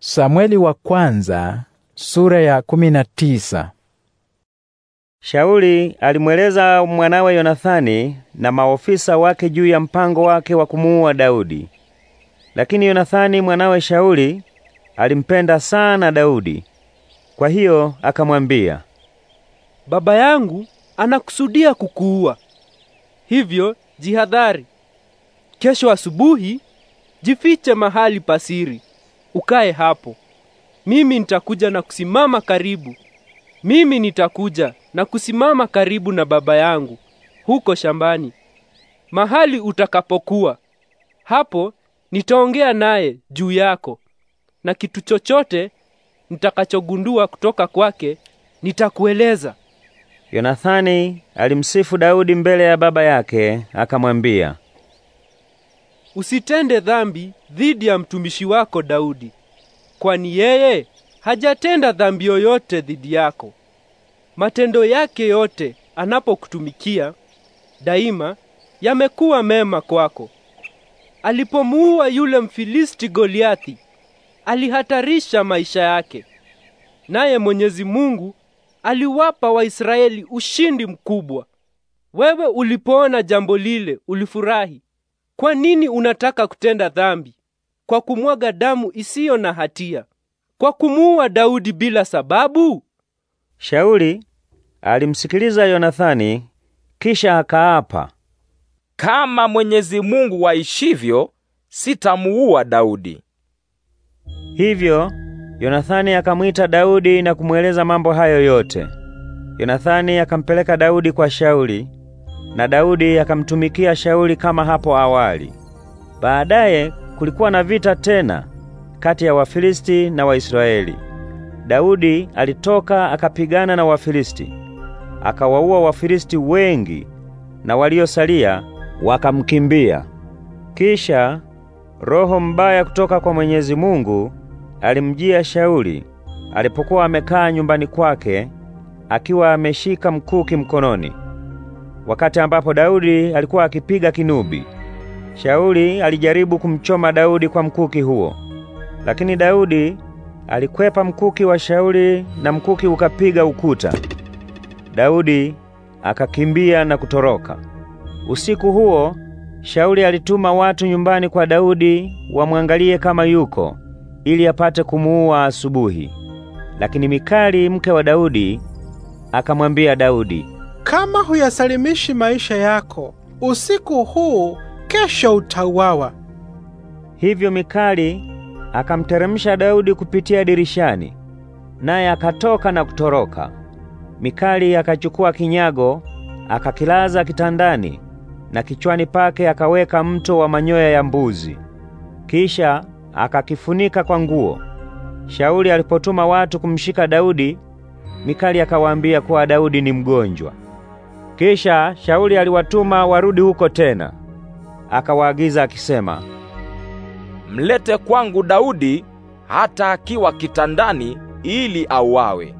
Samweli wa kwanza sura ya 19. Shauli alimweleza mwanawe Yonathani na maofisa wake juu ya mpango wake wa kumuua Daudi. Lakini Yonathani mwanawe Shauli alimpenda sana Daudi. Kwa hiyo akamwambia, Baba yangu anakusudia kukuua. Hivyo jihadhari. Kesho asubuhi jifiche mahali pasiri ukae hapo. Mimi nitakuja na kusimama karibu. Mimi nitakuja na kusimama karibu na baba yangu huko shambani. Mahali utakapokuwa, hapo nitaongea naye juu yako. Na kitu chochote nitakachogundua kutoka kwake nitakueleza. Yonathani alimsifu Daudi mbele ya baba yake, akamwambia, usitende dhambi dhidi ya mtumishi wako Daudi, kwani yeye hajatenda dhambi yoyote dhidi yako. Matendo yake yote anapokutumikia daima yamekuwa mema kwako. Alipomuua yule Mfilisti Goliathi, alihatarisha maisha yake, naye Mwenyezi Mungu aliwapa Waisraeli ushindi mkubwa. Wewe ulipoona jambo lile ulifurahi, kwa nini unataka kutenda dhambi kwa kumwaga damu isiyo na hatia, kwa kumuua Daudi bila sababu? Shauli alimsikiliza Yonathani, kisha akaapa, kama Mwenyezi Mungu waishivyo, sitamuua Daudi. Hivyo Yonathani akamwita Daudi na kumweleza mambo hayo yote. Yonathani akampeleka Daudi kwa Shauli na Daudi akamtumikia Shauli kama hapo awali. Baadaye kulikuwa na vita tena kati ya Wafilisti na Waisraeli. Daudi alitoka akapigana na Wafilisti, akawaua Wafilisti wengi, na waliosalia wakamkimbia. Kisha roho mbaya kutoka kwa Mwenyezi Mungu alimjia Shauli alipokuwa amekaa nyumbani kwake akiwa ameshika mkuki mkononi wakati ambapo Daudi alikuwa akipiga kinubi. Shauli alijaribu kumchoma Daudi kwa mkuki huo, lakini Daudi alikwepa mkuki wa Shauli na mkuki ukapiga ukuta. Daudi akakimbia na kutoroka. Usiku huo Shauli alituma watu nyumbani kwa Daudi wamwangalie kama yuko ili apate kumuua asubuhi. Lakini Mikali mke wa Daudi akamwambia Daudi, kama huyasalimishi maisha yako usiku huu, kesho utauawa. Hivyo Mikali akamteremsha Daudi kupitia dirishani, naye akatoka na kutoroka. Mikali akachukua kinyago akakilaza kitandani, na kichwani pake akaweka mto wa manyoya ya mbuzi, kisha akakifunika kwa nguo. Shauli alipotuma watu kumshika Daudi, Mikali akawaambia kuwa Daudi ni mgonjwa. Kisha Shauli aliwatuma warudi huko tena, akawaagiza akisema, mlete kwangu Daudi hata akiwa kitandani ili auawe.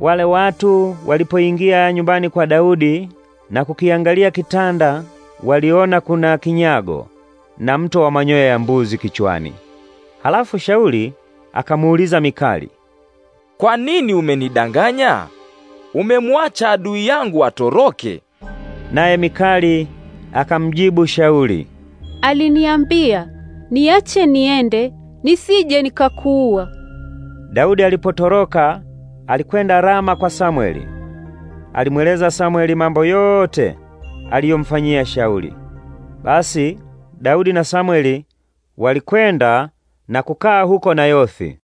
Wale watu walipoingia nyumbani kwa Daudi na kukiangalia kitanda, waliona kuna kinyago na mto wa manyoya ya mbuzi kichwani. Halafu Shauli akamuuliza Mikali, kwa nini umenidanganya? umemwacha adui yangu atoroke? Naye Mikali akamjibu Shauli, aliniambia niache niende, nisije nikakuua. Daudi alipotoroka alikwenda Rama kwa Samweli. Alimweleza Samweli mambo yote aliyomfanyia Shauli. Basi Daudi na Samweli walikwenda na kukaa huko Nayothi.